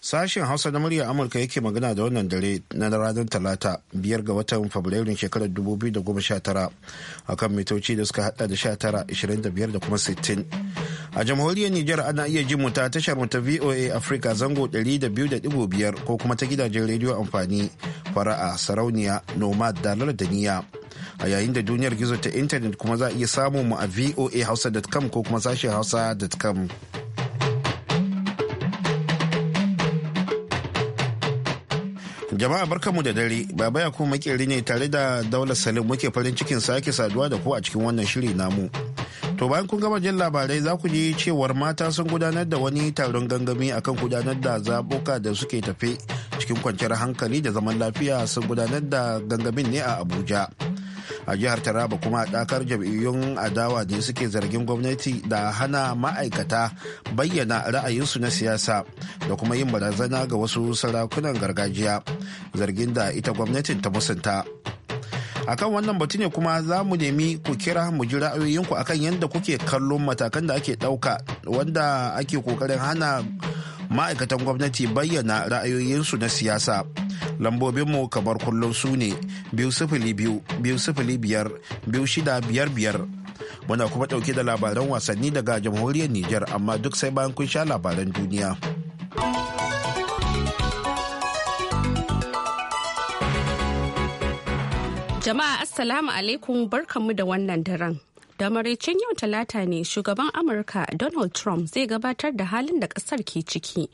Sashen Hausa na murya Amurka yake magana da wannan dare na ranar Talata biyar ga watan Fabrairun shekarar 2019 kan mitoci da suka hada da 1925 da kuma 60. a jamhuriyar Nijar ana iya jin ta tashar ta VOA Afirka zango 200.5 ko kuma ta gidajen rediyo amfani fara'a sarauniya nomad dalar da niya a yayin da duniyar gizo ta intanet kuma za a iya samu mu a voahausa.com ko kuma sashen hausa.com jama'a barkanmu da dare baba ya kuma makeri ne tare da daular salim muke farin cikin sake saduwa da ku a cikin wannan shiri namu to bayan kun gama jin labarai za ku ji cewar mata sun gudanar da wani taron gangami akan gudanar da zaboka da suke tafe cikin kwanciyar hankali da zaman lafiya sun gudanar da gangamin ne a abuja a jihar taraba kuma a dakar jam'iyyun adawa ne suke zargin gwamnati da hana ma'aikata bayyana ra'ayinsu na siyasa da kuma yin barazana ga wasu sarakunan gargajiya zargin da ita gwamnatin ta musanta akan wannan batu ne kuma za mu nemi ku kira mu ji ra'ayoyinku akan yadda kuke kallon matakan da ake ɗauka wanda ake kokarin hana ma'aikatan gwamnati bayyana ra'ayoyinsu na siyasa lambobinmu kamar kullum su ne biyu sifili biyu biyu sifili biyar biyu shida biyar biyar muna kuma ɗauke da labaran wasanni daga jamhuriyar Nijar amma duk sai bayan kun sha labaran duniya jama'a assalamu alaikum barkanmu da wannan daren da maraicin yau talata ne shugaban amurka donald trump zai gabatar da halin da kasar ke ciki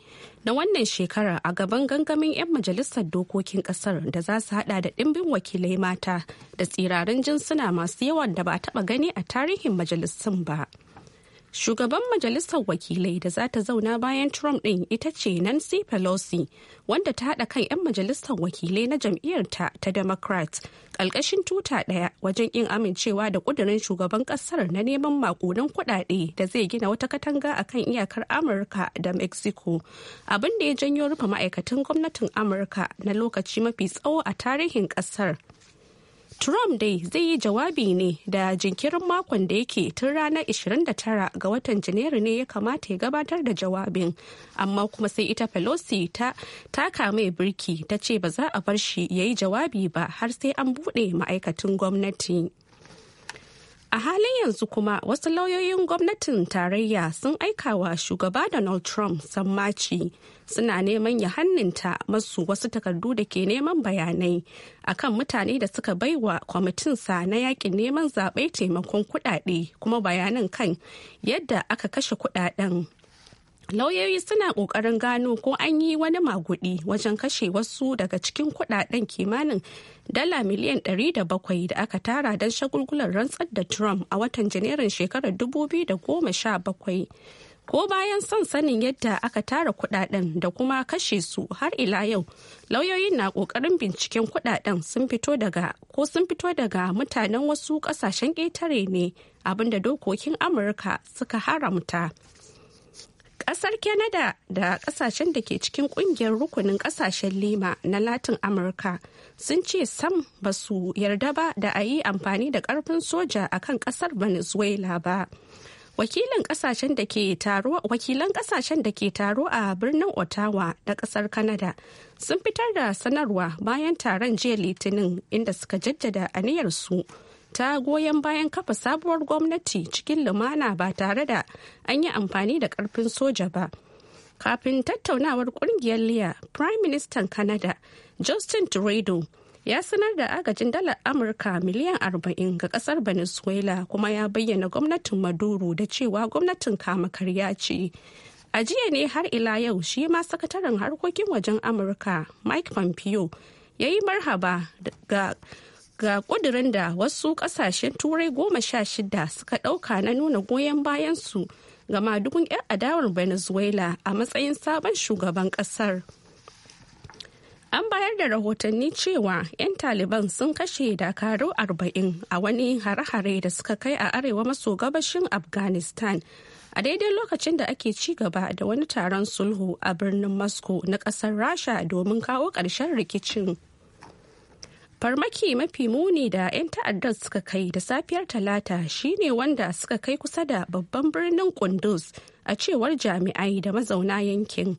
na wannan shekara a gaban gangamin 'yan majalisar dokokin kasar da za su hada da ɗimbin wakilai mata da tsirarin jinsuna masu yawan da ba taba gani a tarihin majalisun ba. Shugaban Majalisar Wakilai da za ta zauna bayan Trump ɗin ita ce Nancy Pelosi, wanda ta haɗa kan 'yan Majalisar Wakilai na jam'iyyar ta ta Democrat, ƙalƙashin tuta ɗaya wajen yin amincewa da ƙudurin shugaban ƙasar na neman maƙudan kuɗaɗe da zai gina wata katanga a kan iyakar Amurka da Mexico, abin da ya janyo rufe ma'aikatan gwamnatin Amurka na lokaci mafi tsawo a tarihin ƙasar. Trump dai zai yi jawabi ne da jinkirin makon da yake tun ranar 29 ga watan Janairu ne ya kamata ya gabatar da jawabin, amma kuma sai ita Pelosi ta taka mai birki ta ce ba za a bar shi ya yi jawabi ba har sai an buɗe ma'aikatan gwamnati. A halin yanzu kuma wasu lauyoyin gwamnatin tarayya sun aikawa shugaba Donald Trump sammaci suna neman ya hannunta masu wasu takardu da ke neman bayanai akan mutane da suka baiwa kwamitinsa na yakin neman zaɓe taimakon kuɗaɗe kuma bayanan kan yadda aka kashe kuɗaɗen. lauyoyi suna kokarin gano ko an yi wani magudi wajen kashe wasu daga cikin kudaden kimanin dala miliyan 700 da aka tara don shagulgular rantsar da trump a watan janairun shekarar 2017 ko bayan son sanin yadda aka tara kudaden da kuma kashe su har ila yau lauyoyin na kokarin binciken kudaden sun fito daga ko sun fito daga mutanen wasu kasashen ƙetare ne abinda dokokin amurka suka haramta Kasar Canada da kasashen da ke cikin kungiyar rukunin kasashen lima na Latin Amurka sun ce sam ba su yarda ba da a yi amfani da karfin soja a kan kasar Venezuela ba. Wakilan kasashen da ke taro a birnin Ottawa na kasar Canada sun fitar da sanarwa bayan taron jiya Litinin inda suka jaddada aniyarsu su ta goyon bayan kafa sabuwar gwamnati cikin lumana ba tare da an yi amfani da karfin soja ba. Kafin tattaunawar kungiyar Liya, Prime Minister Canada Justin Trudeau ya sanar da agajin dalar Amurka miliyan 40 ga kasar Venezuela kuma ya bayyana gwamnatin Maduro da cewa gwamnatin kama karya ce. A jiya ne har ila yau shi ma sakataren harkokin wajen Amurka Mike Pompeo ya yi marhaba ga ga ƙudurin da wasu kasashen turai goma sha shida suka ɗauka na nuna goyon bayansu ga madubin 'yan adawar venezuela a matsayin sabon shugaban kasar. an bayar da rahotanni cewa 'yan taliban sun kashe dakaru arba'in a wani hare-hare da suka kai a arewa maso gabashin afghanistan a daidai lokacin da ake ci gaba da wani taron sulhu a birnin moscow na kasar rasha domin kawo ƙarshen rikicin farmaki mafi muni da 'yan ta'addar suka kai da safiyar talata shine wanda suka kai kusa da babban birnin kunduz a cewar jami'ai da mazauna yankin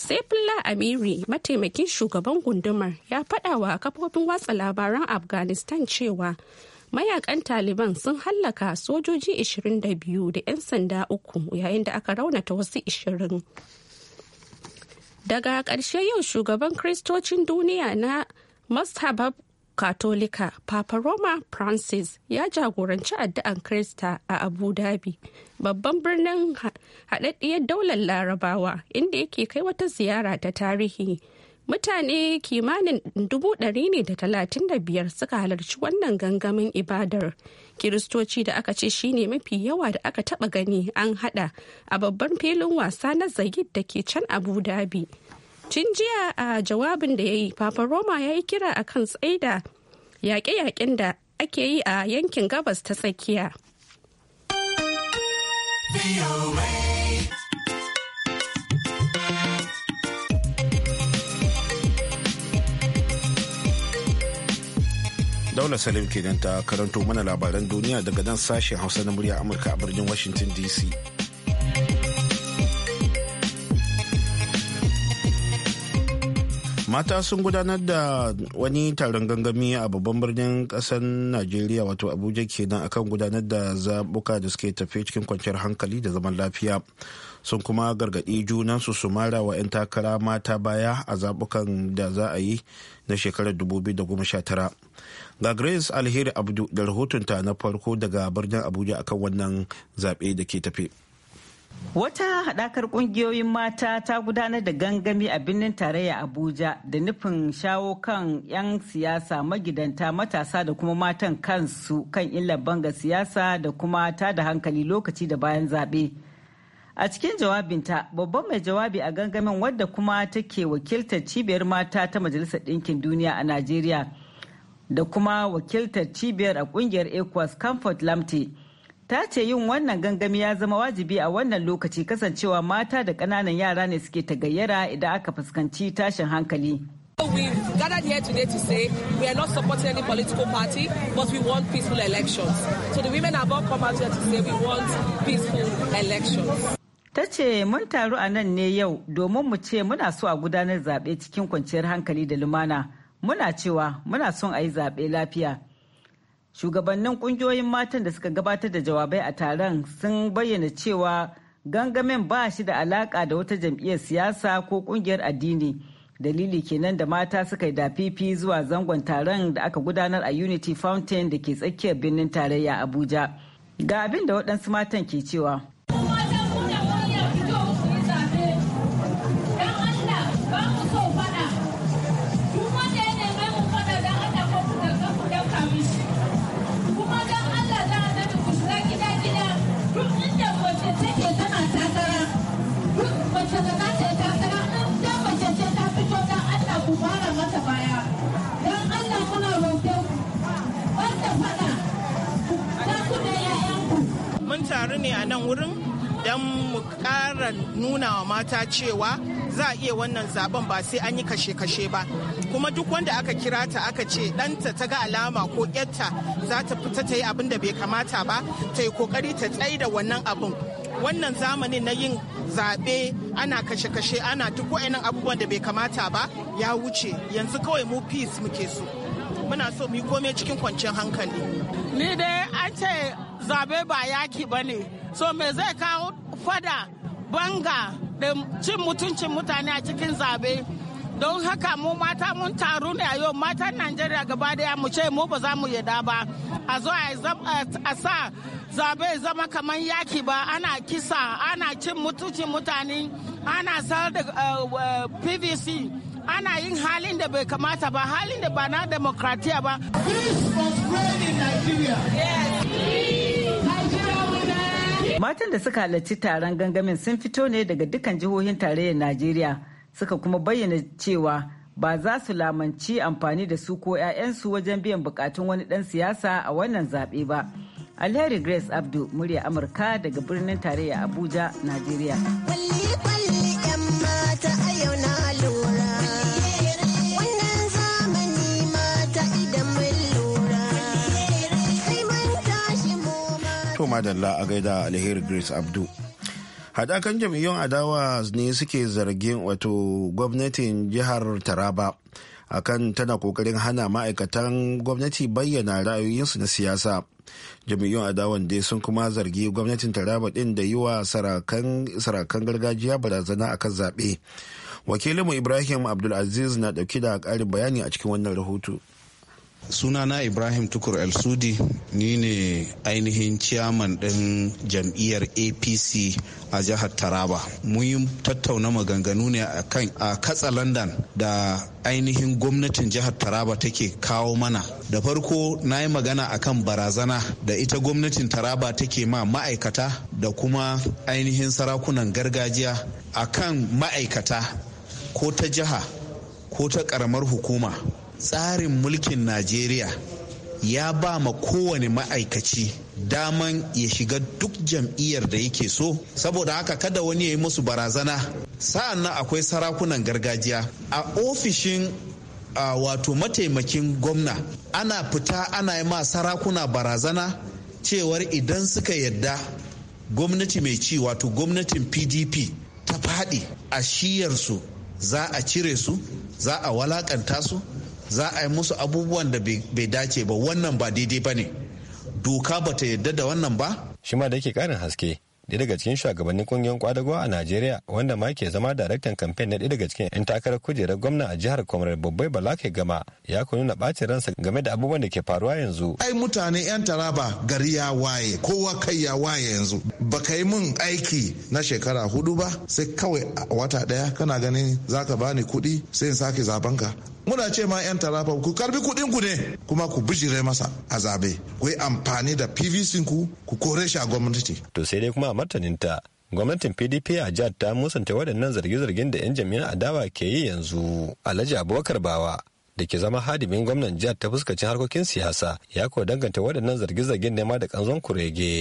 saifullah amiri mataimakin shugaban gundumar ya faɗawa wa kafofin watsa labaran afghanistan cewa mayakan taliban sun hallaka sojoji 22 da 'yan sanda uku yayin da aka raunata wasu 20 daga ƙarshe yau shugaban kristocin duniya na Mashabab Katolika Papa Roma Francis ya jagoranci addu'an Krista a Abu Dhabi, babban birnin haɗaɗɗiyar daular Larabawa inda yake kai wata ziyara ta tarihi. Mutane kimanin dubu ɗari ne da talatin da biyar suka halarci wannan gangamin ibadar. Kiristoci da aka ce shine mafi yawa da aka taɓa gani an haɗa a babban filin wasa na Zayid da ke can Abu Dhabi. Tun jiya a jawabin da ya yi, Papa Roma ya yi kira a kan tsaida yaƙe-yaƙen da ake yi a yankin gabas ta tsakiya. Daula Salim ke ta karanto mana labaran duniya daga nan sashen Hausa na murya Amurka a birnin Washington DC. mata sun gudanar da wani taron gangami a babban birnin kasar najeriya wato abuja kenan akan gudanar da zabuka da suke tafe cikin kwanciyar hankali da zaman lafiya sun kuma gargaɗi junansu su mara wa 'yan takara mata baya a zabukan da za a yi na shekarar 2019 ga grace alheri abdu da rahotonta na farko daga birnin abuja akan wannan zaɓe da ke tafe Wata haɗakar ƙungiyoyin mata ta gudanar da gangami a birnin tarayya Abuja da nufin shawo kan 'yan siyasa magidanta matasa da kuma matan kansu kan illar banga siyasa da kuma ta da hankali lokaci da bayan zaɓe. A cikin jawabinta, babban mai jawabi a gangamin wadda kuma take wakiltar cibiyar mata ta Majalisar Ɗinkin Duniya a Najeriya da kuma wakiltar cibiyar a ƙungiyar Comfort Lamte. ta ce yin wannan gangami ya zama wajibi a wannan lokaci kasancewa mata da kananan yara ne suke ta gayyara idan aka fuskanci tashin hankali. We gathered here today to party, but we want peaceful Ta ce mun taru a nan ne yau domin mu ce muna so a gudanar zaɓe cikin kwanciyar hankali da lumana. Muna cewa muna son a yi zaɓe lafiya. Shugabannin kungiyoyin matan da suka gabatar da jawabai a taron sun bayyana cewa gangamin ba shi da alaka da wata jam'iyyar siyasa ko kungiyar addini. Dalili kenan da mata suka yi dafifi zuwa zangon taron da aka gudanar a Unity Fountain da ke tsakiyar birnin tarayya Abuja. Ga abin da waɗansu matan ke cewa. taru ne a nan wurin don mu ƙara nuna wa mata cewa za a iya wannan zaben ba sai an yi kashe-kashe ba kuma duk wanda aka kira ta aka ce ɗanta ta ga alama ko yarta za ta fita ta yi abin da bai kamata ba ta yi kokari ta tsaye da wannan abin wannan zamanin na yin zaɓe ana kashe-kashe ana duk wa'annan abubuwan da bai kamata ba ya wuce yanzu kawai mu peace muke so muna so mu yi komai cikin kwanciyar hankali ni dai an ce zabe ba yaki ba ne so me zai kawo fada banga da cin mutuncin mutane a cikin zabe don haka mu mata mun taru ne a yau matan najeriya gaba daya mu ce mu ba za mu yada ba a zo a sa zabe zama kamar yaki ba ana kisa ana cin mutuncin mutane ana sar da eh, eh, pvc ana yin halin da bai kamata ba halin da ba na demokratiya ba. Peace in Nigeria. Matan da suka halarci taron gangamin sun fito ne daga dukkan jihohin tarayyar Najeriya suka kuma bayyana cewa ba za su lamanci amfani da su ko 'ya'yansu wajen biyan bukatun wani dan siyasa a wannan zaɓe ba. Alheri Grace Abdu, murya Amurka daga birnin tarayya Abuja, Najeriya. To madalla a gaida alheri Grace Abdu. Hadakan jam'iyyun adawa ne suke zargin wato gwamnatin jihar Taraba akan tana kokarin hana ma'aikatan gwamnati bayyana ra'ayoyinsu na siyasa. Jam'iyyun adawan dai sun kuma zargi gwamnatin Taraba din da yi wa sarakan gargajiya barazana a kan zaɓe. Wakilinmu Ibrahim Abdulaziz na ɗauki da ƙarin bayani a cikin wannan rahoto. sunana ibrahim tukur el sudi ni ne ainihin ciyaman ɗin jam'iyyar apc a jihar taraba mun yi tattauna maganganu ne a kan a katsa london da ainihin gwamnatin jihar taraba take kawo mana da farko na yi magana akan barazana da ita gwamnatin taraba take ma ma'aikata da kuma ainihin sarakunan gargajiya akan ma'aikata ko ta jiha ko ta karamar hukuma tsarin mulkin najeriya ya ba ma kowane ma'aikaci daman ya shiga duk jam'iyyar da yake so saboda haka kada wani ya yi musu barazana sa'an nan akwai sarakunan gargajiya a ofishin uh, wato mataimakin gwamna ana fita ana yi ma sarakuna barazana cewar idan suka yadda gwamnati mai ci wato gwamnatin pdp ta faɗi a shiyarsu za a cire su za a walakanta su za a yi musu abubuwan da bai dace ba wannan ba daidai ba ne doka ba ta yarda da wannan ba shi ma da yake karin haske ɗaya daga cikin shugabannin kungiyar kwadago a najeriya wanda ma ke zama daraktan kamfen na ɗaya daga cikin 'yan takarar kujerar gwamna a jihar kwamar babbai ke gama ya ku nuna ɓacin ransa game da abubuwan da ke faruwa yanzu ai mutane 'yan taraba gari ya waye kowa kai ya waye yanzu ba ka yi min aiki na shekara hudu ba sai kawai wata ɗaya kana ganin zaka bani kuɗi sai in sake zaben ka muna ce ma 'yan tarafa ku karbi kudin ku ne kuma ku bijire masa a zabe ku yi amfani da pvc ku ku kore shi a gwamnati to sai dai kuma a martaninta gwamnatin pdp a jihar ta musanta waɗannan zarge-zargen da 'yan jami'an adawa ke yi yanzu alhaji abubakar bawa da ke zama hadimin gwamnan jihar ta fuskacin harkokin siyasa ya kuwa danganta waɗannan zarge-zargen nema da kanzon kurege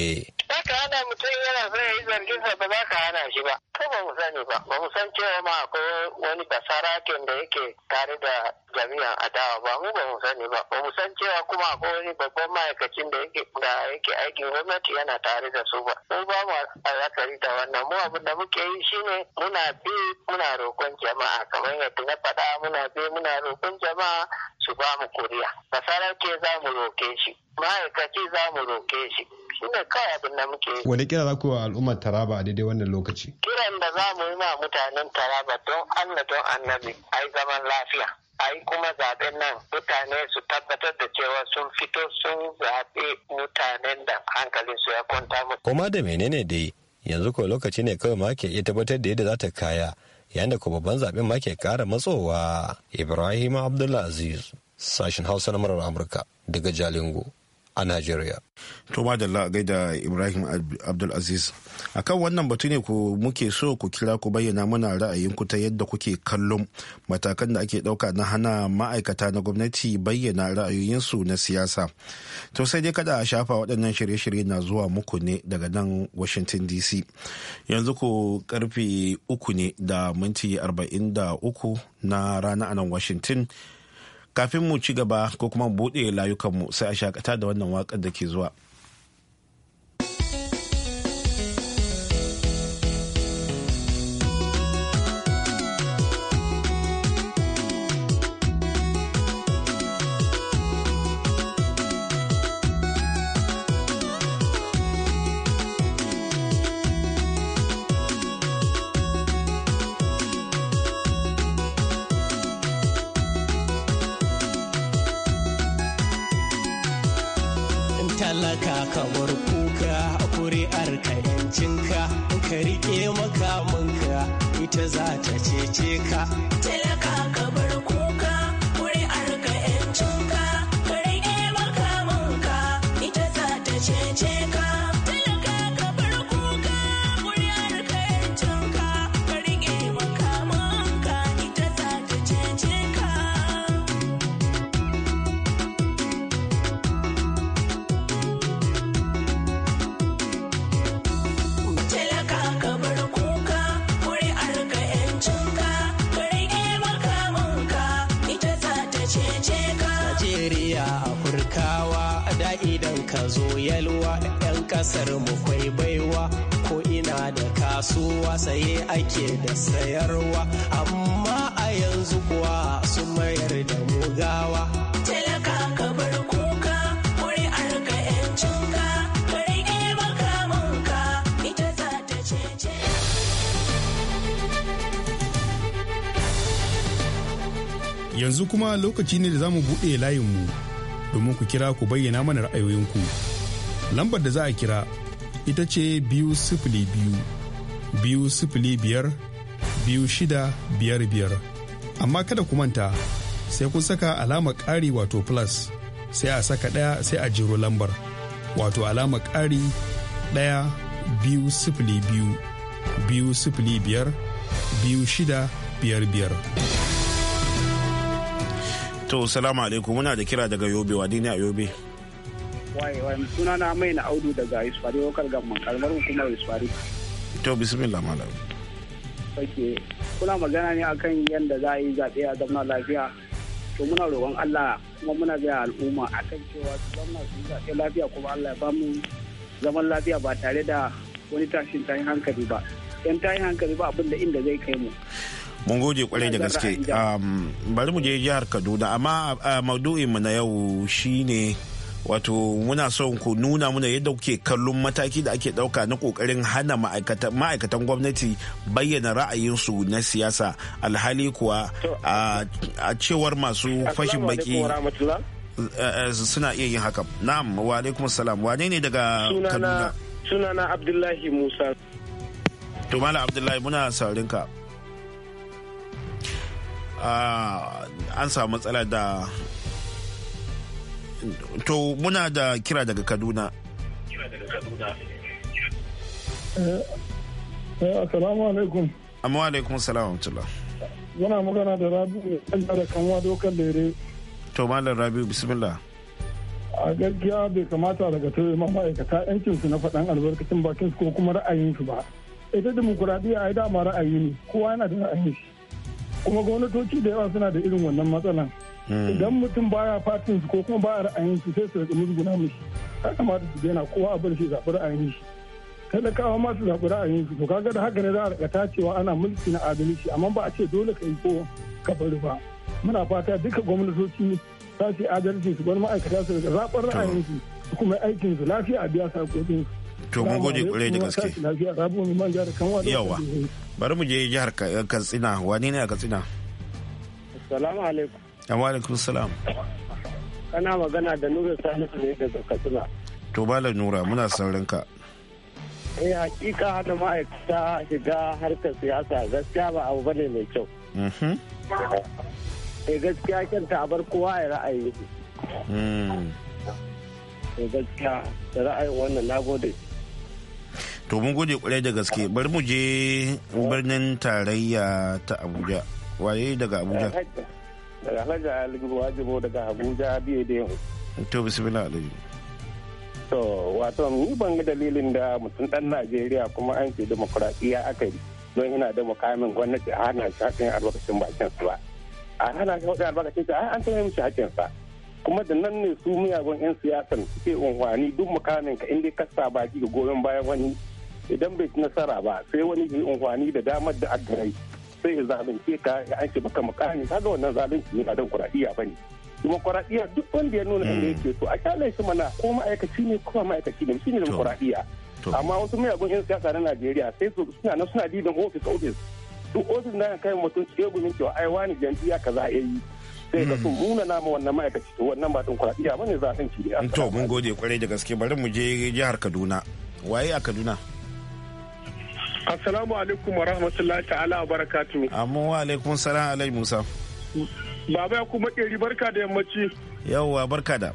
zai yi zargin sa ba za ka hana shi ba Ko ba mu sani ba ba mu san cewa ma akwai wani kasaraken da yake tare da jami'an adawa ba mu ba mu sani ba ba mu san cewa kuma akwai wani babban ma'aikacin da yake da yake aikin gwamnati yana tare da su ba mu ba mu alakari da wannan mu abin da muke yi shine muna bi muna roƙon jama'a kamar yadda na faɗa muna bi muna roƙon jama'a su ba mu kuriya ke za mu roƙe shi ma'aikaci za mu roƙe shi shine kawai abin da muke yi wani kira za ku wa al'ummar taraba a daidai wannan lokaci kiran da za mu yi ma mutanen taraba don allah don annabi a yi zaman lafiya a yi kuma zaben nan mutane su tabbatar da cewa sun fito sun zaɓe mutanen da su ya kwanta mu. Koma da menene dai yanzu ko lokaci ne kawai ma ke iya tabbatar da yadda za ta kaya yayin da ko babban zaben ma ke ƙara matsowa. Ibrahim Abdulaziz sashen Hausa na murar Amurka daga Jalingo a Najeriya. To gaida Ibrahim Abdulaziz. A kan wannan batu ne ku muke so ku kira ku bayyana mana ra'ayinku ta yadda kuke kallon matakan da ake ɗauka na hana ma'aikata na gwamnati bayyana ra'ayoyinsu na siyasa. To sai dai kada a shafa waɗannan shirye-shirye na zuwa muku ne daga nan Washington DC. Yanzu ku karfe uku ne da minti arba'in da uku na rana anan nan Washington. kafin mu ci gaba ko kuma buɗe layukanmu sai a shakata da wannan waƙar da ke zuwa. kamar bar kuka kuri'ar ka yancinka ka riƙe makamanka ita za ta cece ka talaka kamar kasar mu kwai baiwa ko ina da kasuwa saye ake da sayarwa amma a yanzu kuwa su mayar da mu talaka ka bar kuka ka Yanzu kuma lokaci ne da za mu buɗe layinmu domin ku kira ku bayyana mana ra'ayoyinku. lambar da za a kira ita ce biyu sifili biyu biyu sifili biyar biyu shida biyar biyar amma kada ku manta sai kun saka alama ƙari wato plus sai a saka ɗaya sai a jiro lambar wato alama ƙari ɗaya biyu sifili biyu biyu sifili biyar biyu shida biyar biyar. To, salamu alaikum muna da kira daga Yobe, wa dini a Yobe. suna na mai na audu daga isfari kalmar hukumar isfari to bismillah malam sake kuna magana ne akan yadda za a yi zaɓe a zama lafiya to muna roƙon Allah kuma muna biya al'umma akan cewa su zama su zaɓe lafiya kuma Allah ya ba mu zaman lafiya ba tare da wani tashin tayin hankali ba yan tayin hankali ba abinda inda zai kai mu mun gode kwarai da gaske um, bari mu je jihar kaduna amma uh, maudu'in mu na yau shine wato muna son ku nuna muna yadda kuke kallon mataki da ake dauka na kokarin hana ma'aikatan gwamnati bayyana ra'ayinsu na siyasa alhali kuwa a cewar masu fashin baki eh, eh, suna iya yin haka na'am wa alaikum salam wane ne daga kaduna sunana abdullahi musa to mala abdullahi muna saurin ka ah, an samu matsala da to muna da kira daga kaduna eh, eh, assalamu alaikum amma alaikum salam tula muna magana da rabi'u ne da kanwa dokan lere to malam rabi bismillah a gaskiya bai kamata daga ta ma ma'aikata yancin su na faɗan albarkacin bakin su ko kuma ra'ayin su ba ita dimokuraɗiyya yi dama ra'ayi ne kowa yana da ra'ayin shi kuma gwamnatoci da yawa suna da irin wannan matsalan idan mutum baya fatin su ko kuma baya ra'ayin su sai su rika musguna mishi ya kamata su daina kowa a bar shi zaɓi ra'ayin shi talakawa ma su zaɓi ra'ayin su to kaga da haka ne za a rika tacewa ana mulki na adalci amma ba a ce dole ka yi ko ka bari ba muna fata duka gwamnatoci za su yi adalci su bar ma'aikata su rika zaɓar ra'ayin su kuma aikin su lafiya a biya sakokin su to mun gode kure da gaske yawa bari mu je jihar katsina wani ne a katsina assalamu alaikum Wa alaikum salam. Kana magana da Nura Salisu ne daga Katsina. To bala Nura muna saurin ka. Eh hakika hana ma'aikata shiga harkar siyasa gaskiya ba abu bane mai kyau. Mm-hmm. Eh gaskiya kyanta a bar kowa ya ra'ayi. Mm. Eh gaskiya da ra'ayin wannan na gode. to mun gode kwarai da gaske bari mu je birnin tarayya ta abuja waye daga abuja eh, daga alhaji alibu wajibo daga abuja biye da yau to bismillah to wato ni ban ga dalilin da mutum ɗan najeriya kuma an ce demokuraɗiyya aka yi don ina da mukamin gwamnati a hana shi hakan albarkacin bakin su ba a hana shi hakin albarkacin su an tsaye mishi hakan sa kuma da nan ne su miyagun yan siyasan suke unguwani duk mukamin ka inda ka sa baki ga goyon bayan wani idan bai ci nasara ba sai wani yi unguwani da damar da agarai sai ya zalunce ka ya aiki maka mukami kaga wannan zalunci ne ba dan kuraɗiya ne demokuraɗiya duk wanda ya nuna inda yake so a kyale shi mana ko ma'aikaci ne ko ma'aikaci ne shi ne demokuraɗiyya amma wasu miyagun yan siyasa na najeriya sai su suna na suna dibin ofis ofis duk ofis na kai mutum tsegumin cewa ai wani jam'iyya kaza ya yi sai ka sun nuna hmm. nama wannan ma'aikaci to wannan ba demokuraɗiyya ba ne za a to mun gode kwarai da gaske bari mu je jihar kaduna waye a kaduna Assalamu alaikum wa rahmatullahi ta'ala wa barakatu. Amma wa alaikum salam alai Musa. Baba ya kuma ƙeri barka da yammaci. Yawwa barka da.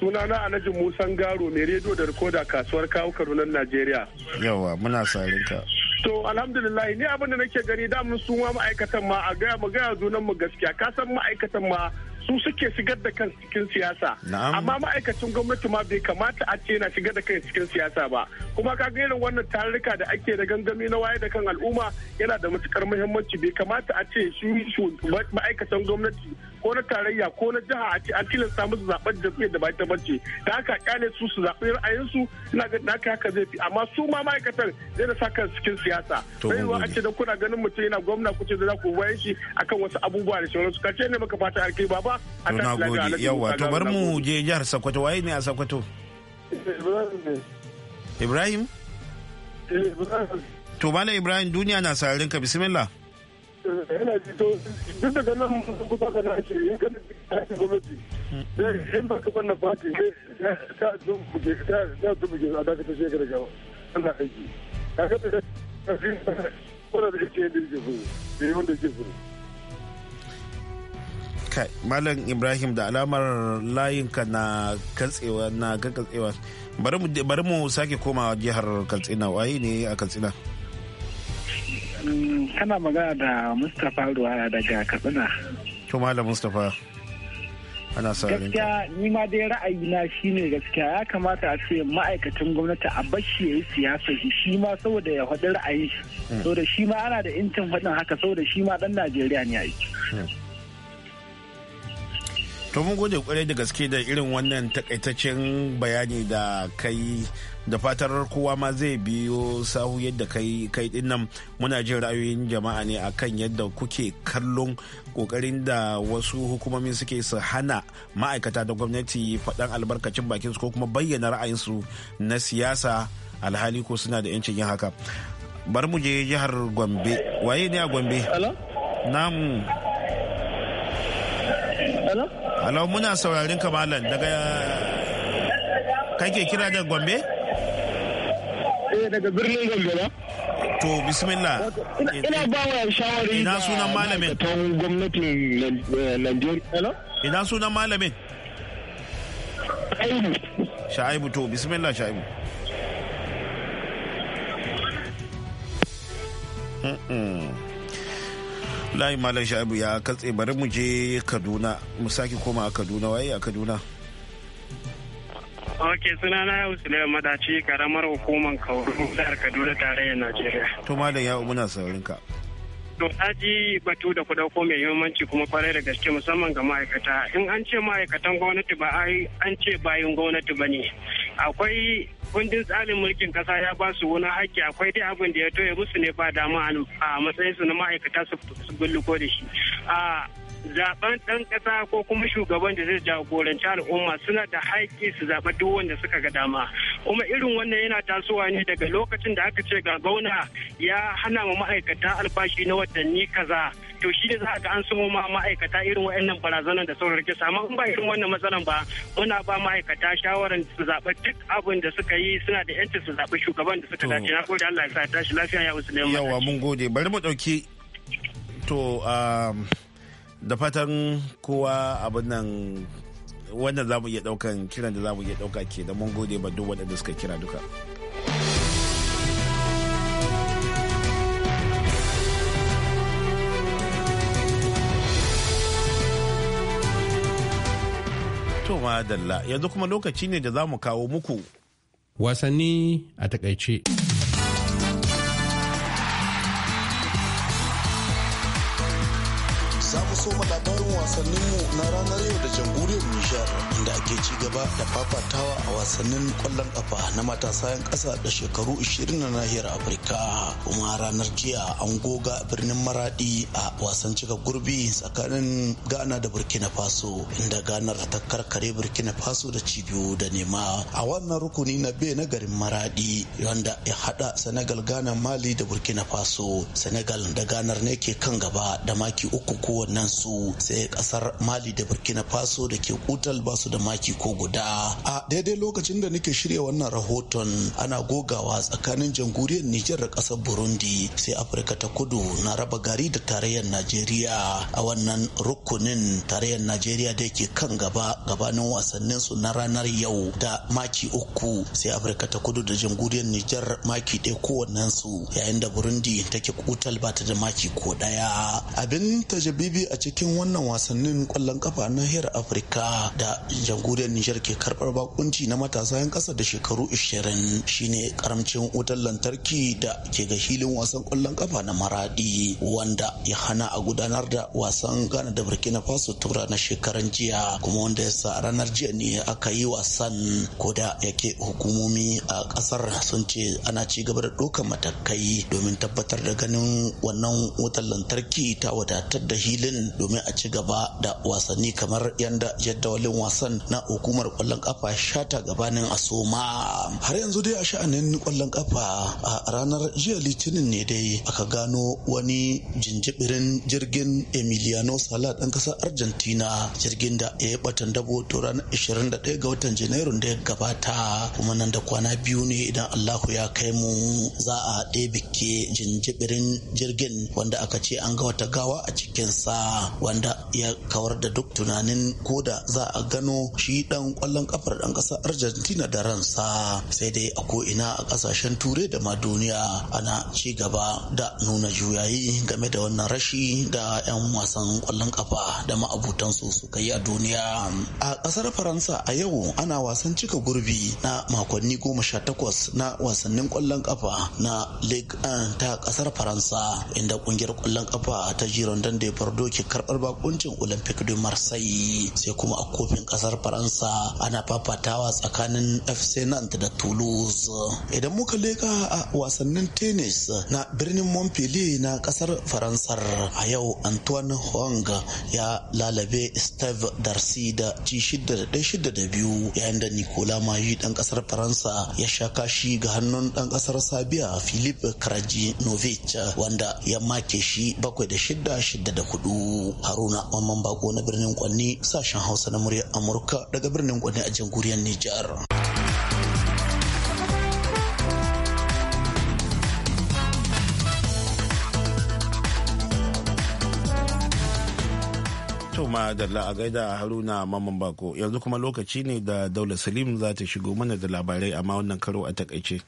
Sunana Alhaji Musa Garo mai rediyo da rikoda kasuwar kawo Kadunan Najeriya. Yawwa muna sarin ka. To alhamdulillah ni abin da nake gani da mun suma ma'aikatan ma a gaya mu gaya junan mu gaskiya ka san ma'aikatan ma su suke shigar da kan cikin siyasa amma ma'aikacin gwamnati ma bai kamata a ce yana shigar da kan cikin siyasa ba kuma ka ga irin wannan tarurruka da ake da gangami na waye da kan al'umma yana da matukar muhimmanci bai kamata a ce su ma'aikatan gwamnati ko na tarayya ko na jiha a ce an tilasta musu zaɓen jam'iyyar da ba ta bace da haka kyale su su zaɓi ra'ayinsu ina ga da haka zai fi amma su ma ma'aikatan zai da sa kan cikin siyasa sai wa a ce da kuna ganin mutum yana gwamna kuce da za ku bayan shi akan wasu abubuwa da sauransu kace ne baka fata alkai ba ba a kan lafiya yawa to bar mu je jihar Sokoto waye ne a Sokoto Ibrahim to bala Ibrahim duniya na sararin ka bismillah yana ji to duk daga nan ku baka na ce in kana ake gwamnati sai in baka wannan fati sai ta zo ku je ta zo ku je a daga ta shekara gaba ana aiki kaga da shi da shi da yake da yake furu da yi wanda yake furu malam ibrahim da alamar layinka na katsewa na gaggatsewa bari mu sake koma jihar katsina waye ne a katsina mm, kana magana da mustapha ruwa daga katsina to malam mustapha ana sa gaskiya ni ma dai ra'ayi na shine gaskiya ya kamata a ce ma'aikatan gwamnati a bashi yayi siyasa shi shi ma saboda ya faɗi ra'ayi hmm. saboda shi ma ana da intin faɗin haka saboda shi ma dan Najeriya ne a yi hmm. To mun gode kwarai da gaske da irin wannan takaitaccen bayani da kai da fatar kowa ma zai biyo sahu yadda kai kai din muna jin ra'ayoyin jama'a ne akan yadda kuke kallon kokarin da wasu hukumomi suke su hana ma'aikata da gwamnati faɗan albarkacin bakinsu su ko kuma bayyana ra'ayinsu na siyasa alhali ko suna da yancin yin haka bari mu je jihar gombe waye ne a gombe namu Alau muna saurarin malam daga kake kira daga Gombe? Eh daga birnin Gombe ba. To bismillah. Ina ba wa shawari ina sunan malamin. gwamnatin Najeriya. Eh, ina sunan malamin. Shaibu. Shaibu to bismillah Shaibu. Mm-mm. layi malam shabu ya katse bari mu je kaduna mu sake koma a kaduna waye a kaduna ok suna na yau sule madaci karamar hukumar kauru kaduna tarayyar najeriya to malam ya muna saurin To ji batu da ku dauko mai muhimmanci kuma kwarai da gaske musamman ga ma'aikata. In an ce ma'aikatan gwamnati ba an ce bayan gwamnati ba ne. Akwai kundin tsarin mulkin kasa ya ba su wani haƙƙi akwai dai abin da ya toye musu ne ba dama a matsayinsu na ma'aikata su bulluko da shi. Ah, zaben ɗan ƙasa ko kuma shugaban da zai jagoranci al'umma suna da haƙƙi su zaɓi duk wanda suka ga dama kuma irin wannan yana tasowa ne daga lokacin da aka ce ga gauna ya hana ma ma'aikata albashi na watanni kaza to shi ne za a ga an samo ma ma'aikata irin waɗannan barazanar da sauran rike amma in ba irin wannan matsalan ba muna ba ma'aikata shawaran su zaɓi duk abin da suka yi suna da yanci su zaɓi shugaban da suka dace na gode Allah ya sa tashi lafiya ya wasu musulmi yawa mun gode bari mu ɗauki to um, da fatan kowa abin nan wannan za mu iya daukan kiran da za mu iya dauka ke da mun gode ba duk waɗanda suka kira duka. Dalla yanzu kuma lokaci ne da za mu kawo muku. Wasanni a takaice. so labarin wasanninmu na ranar yau da jamhuriyar Nijar inda ake ci gaba da fafatawa a wasannin kwallon kafa na matasa 'yan ƙasa da shekaru 20 na nahiyar Afirka. Kuma ranar jiya an goga birnin Maradi a wasan cika gurbi tsakanin Ghana da Burkina Faso inda Ghana ta karkare Burkina Faso da cibiyu da nema. A wannan rukuni na bai na garin Maradi wanda ya hada Senegal Ghana Mali da Burkina Faso. Senegal da Ghana ne ke kan gaba da maki uku kowannen su sai kasar mali da burkina faso da ke kutal ba su da maki ko guda a daidai lokacin da nake shirya wannan rahoton ana gogawa tsakanin jamhuriyar nijar da kasar burundi sai afirka ta kudu na raba gari da tarayyar najeriya a wannan rukunin tarayyar najeriya da ke kan gaba gabanin wasannin su na ranar yau da maki uku sai afirka ta kudu da jamhuriyar nijar maki ɗaya kowannen su yayin da burundi take kutal ba ta da maki ko ɗaya abin tajabibi a cikin wannan wasannin kwallon kafa na nahiyar afirka da jamhuriyar nijar ke karbar bakunci na matasa yan kasa da shekaru 20 shine karamcin wutar lantarki da ke ga hilin wasan kwallon kafa na maradi wanda ya hana a gudanar da wasan ghana da burkina faso tura na shekaran jiya kuma wanda ya sa ranar jiya ne aka yi wasan koda yake hukumomi a kasar sun ce ana ci gaba da ɗaukar matakai domin tabbatar da ganin wannan wutar lantarki ta wadatar da hilin domin a ci gaba da wasanni kamar yadda jadawalin wasan na hukumar kwallon kafa shata gabanin a soma. har yanzu dai a sha'anin kwallon kafa a ranar jiya litinin ne dai aka gano wani jinjibirin jirgin emiliano sala dan kasar argentina jirgin da ya batan dabo to ranar 21 ga watan janairun da ya gabata kuma nan da kwana biyu ne idan allahu ya kai mu za a ɗebe ke jinjibirin jirgin wanda aka ce an ga wata gawa a cikinsa wanda ya kawar da duk tunanin ko da za a gano shi dan kwallon kafar dan ƙasar argentina da ransa sai dai a ko'ina a ƙasashen turai da ma duniya ana ci gaba da nuna juyayi game da wannan rashi da 'yan wasan kwallon kafa da ma'abutansu suka yi a duniya a ƙasar faransa a yau ana wasan cika gurbi na makonni goma sha takwas na wasannin kwallon kafa na ligue 1 ta ƙasar faransa inda ƙungiyar kwallon kafa ta girondin de bordeaux ke karbar bakuncin olympic de marseille sai kuma a kofin kasar faransa ana fafatawa tsakanin fc nantes da toulouse idan muka leka a wasannin tennis na birnin montpellier na kasar faransar a yau antoine Hong ya lalabe steve darcy da ci 6 da biyu yayin da nicola mayu dan kasar faransa ya sha kashi ga hannun dan kasar Sabia philip krajinovic wanda ya make shi bakwai da shida da Haruna Mamman Bako na birnin Kwanni sashen Hausa na muryar Amurka daga birnin Kwanni a jamhuriyar Nijar. madalla da la'agaida Haruna Mamman Bako yanzu kuma lokaci ne da Daula Salim za ta shigo mana da labarai amma wannan karo a takaice.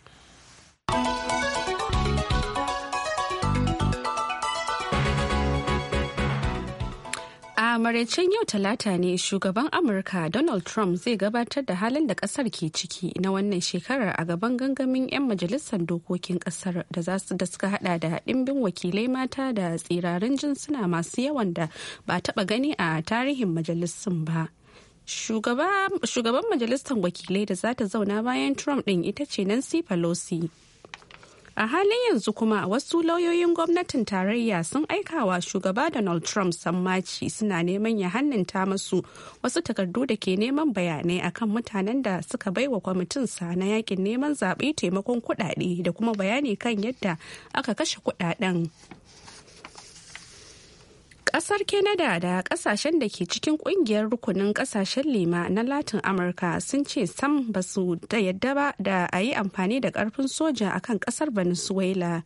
maraicin yau talata ne shugaban Amurka Donald Trump zai gabatar da halin da kasar ke ciki na wannan shekarar a gaban gangamin 'yan majalisar dokokin kasar da za su da suka hada da dimbin wakilai mata da tsirarin jinsuna masu yawan da ba taba gani a tarihin majalisun ba. Shugaban majalisar wakilai da za ta zauna bayan Trump din ita ce Nancy Pelosi. A halin yanzu kuma wasu lauyoyin gwamnatin tarayya sun aikawa shugaba Donald Trump sammaci suna neman ya hannunta masu wasu takardu da ke neman bayanai akan mutanen da suka baiwa kwamitin sa na yakin neman zaɓe taimakon kuɗaɗe da kuma bayani kan yadda aka kashe kuɗaɗen. Kasar Canada da kasashen da ke cikin kungiyar rukunin kasashen lima na Latin Amurka sun ce sam ba su da yadda ba da a yi amfani da karfin soja a kan kasar Venezuela.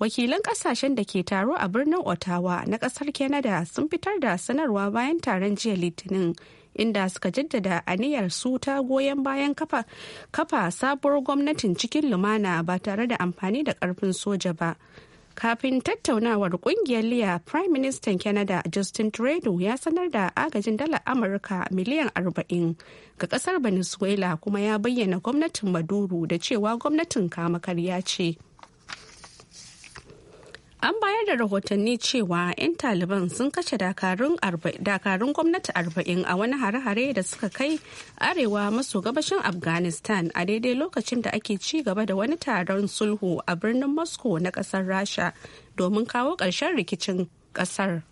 Wakilan kasashen da ke taro a birnin Ottawa na kasar Canada sun fitar da sanarwa bayan taron jiya Litinin inda suka jaddada aniyar su ta goyon bayan kafa, kafa sabuwar gwamnatin cikin lumana ba tare da amfani da karfin soja ba. kafin tattaunawar kungiyar liya prime minister canada justin trudeau ya sanar da agajin dalar amurka miliyan 40 ga kasar venezuela kuma ya bayyana gwamnatin maduro da cewa gwamnatin kama karya ce an bayar da rahotanni cewa 'yan taliban sun kashe dakarun gwamnati arba'in a wani hare-hare da suka kai arewa maso gabashin afghanistan a daidai lokacin da ake ci gaba da wani taron sulhu a birnin moscow na kasar rasha domin kawo ƙarshen rikicin ƙasar.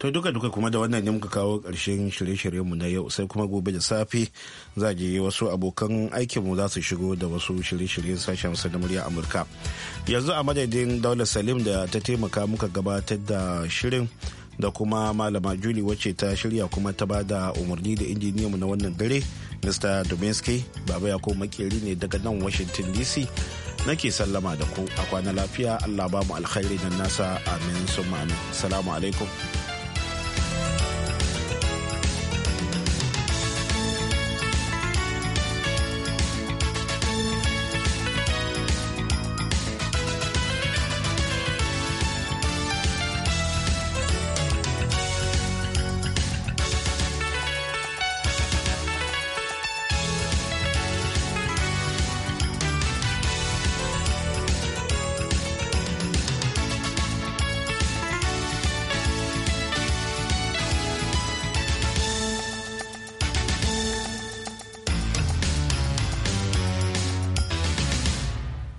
to duka duka kuma da wannan ne muka kawo ƙarshen shirye mu na yau sai kuma gobe da safe za a je wasu abokan aikinmu za su shigo da wasu shirye-shiryen sashen sa na murya amurka yanzu a madadin daular salim da ta taimaka muka gabatar da shirin da kuma malama juli wacce ta shirya kuma ta bada umarni da injiniyanmu na wannan dare mr dominski baba ya ko makeri ne daga nan washington dc nake sallama da ku a kwana lafiya allah ba mu alkhairi nan nasa amin summa amin salamu alaikum